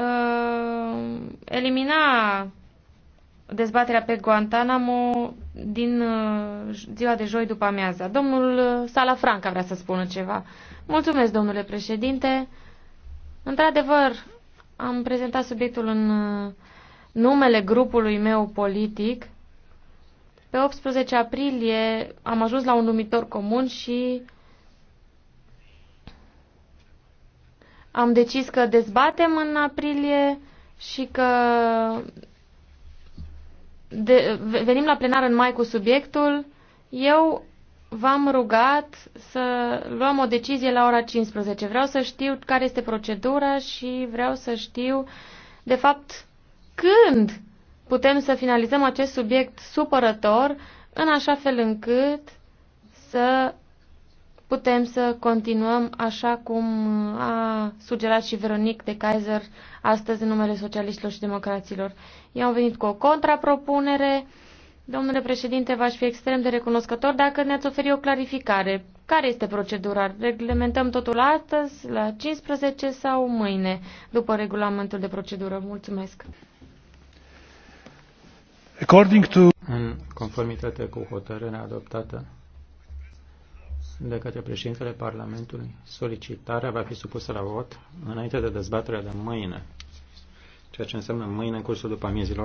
uh, elimina dezbaterea pe Guantanamo din uh, ziua de joi după amiaza. Domnul uh, Salafranca vrea să spună ceva. Mulțumesc, domnule președinte. Într-adevăr, am prezentat subiectul în uh, numele grupului meu politic. Pe 18 aprilie am ajuns la un numitor comun și Am decis că dezbatem în aprilie și că de, venim la plenar în mai cu subiectul. Eu v-am rugat să luăm o decizie la ora 15. Vreau să știu care este procedura și vreau să știu, de fapt, când putem să finalizăm acest subiect supărător în așa fel încât să putem să continuăm așa cum a sugerat și Veronic de Kaiser astăzi în numele socialiștilor și democraților. Eu am venit cu o contrapropunere. Domnule președinte, v-aș fi extrem de recunoscător dacă ne-ați oferi o clarificare. Care este procedura? Reglementăm totul astăzi, la 15 sau mâine, după regulamentul de procedură? Mulțumesc. According to... În conformitate cu hotărârea adoptată de către președintele Parlamentului. Solicitarea va fi supusă la vot înainte de dezbaterea de mâine, ceea ce înseamnă mâine în cursul după amiezilor.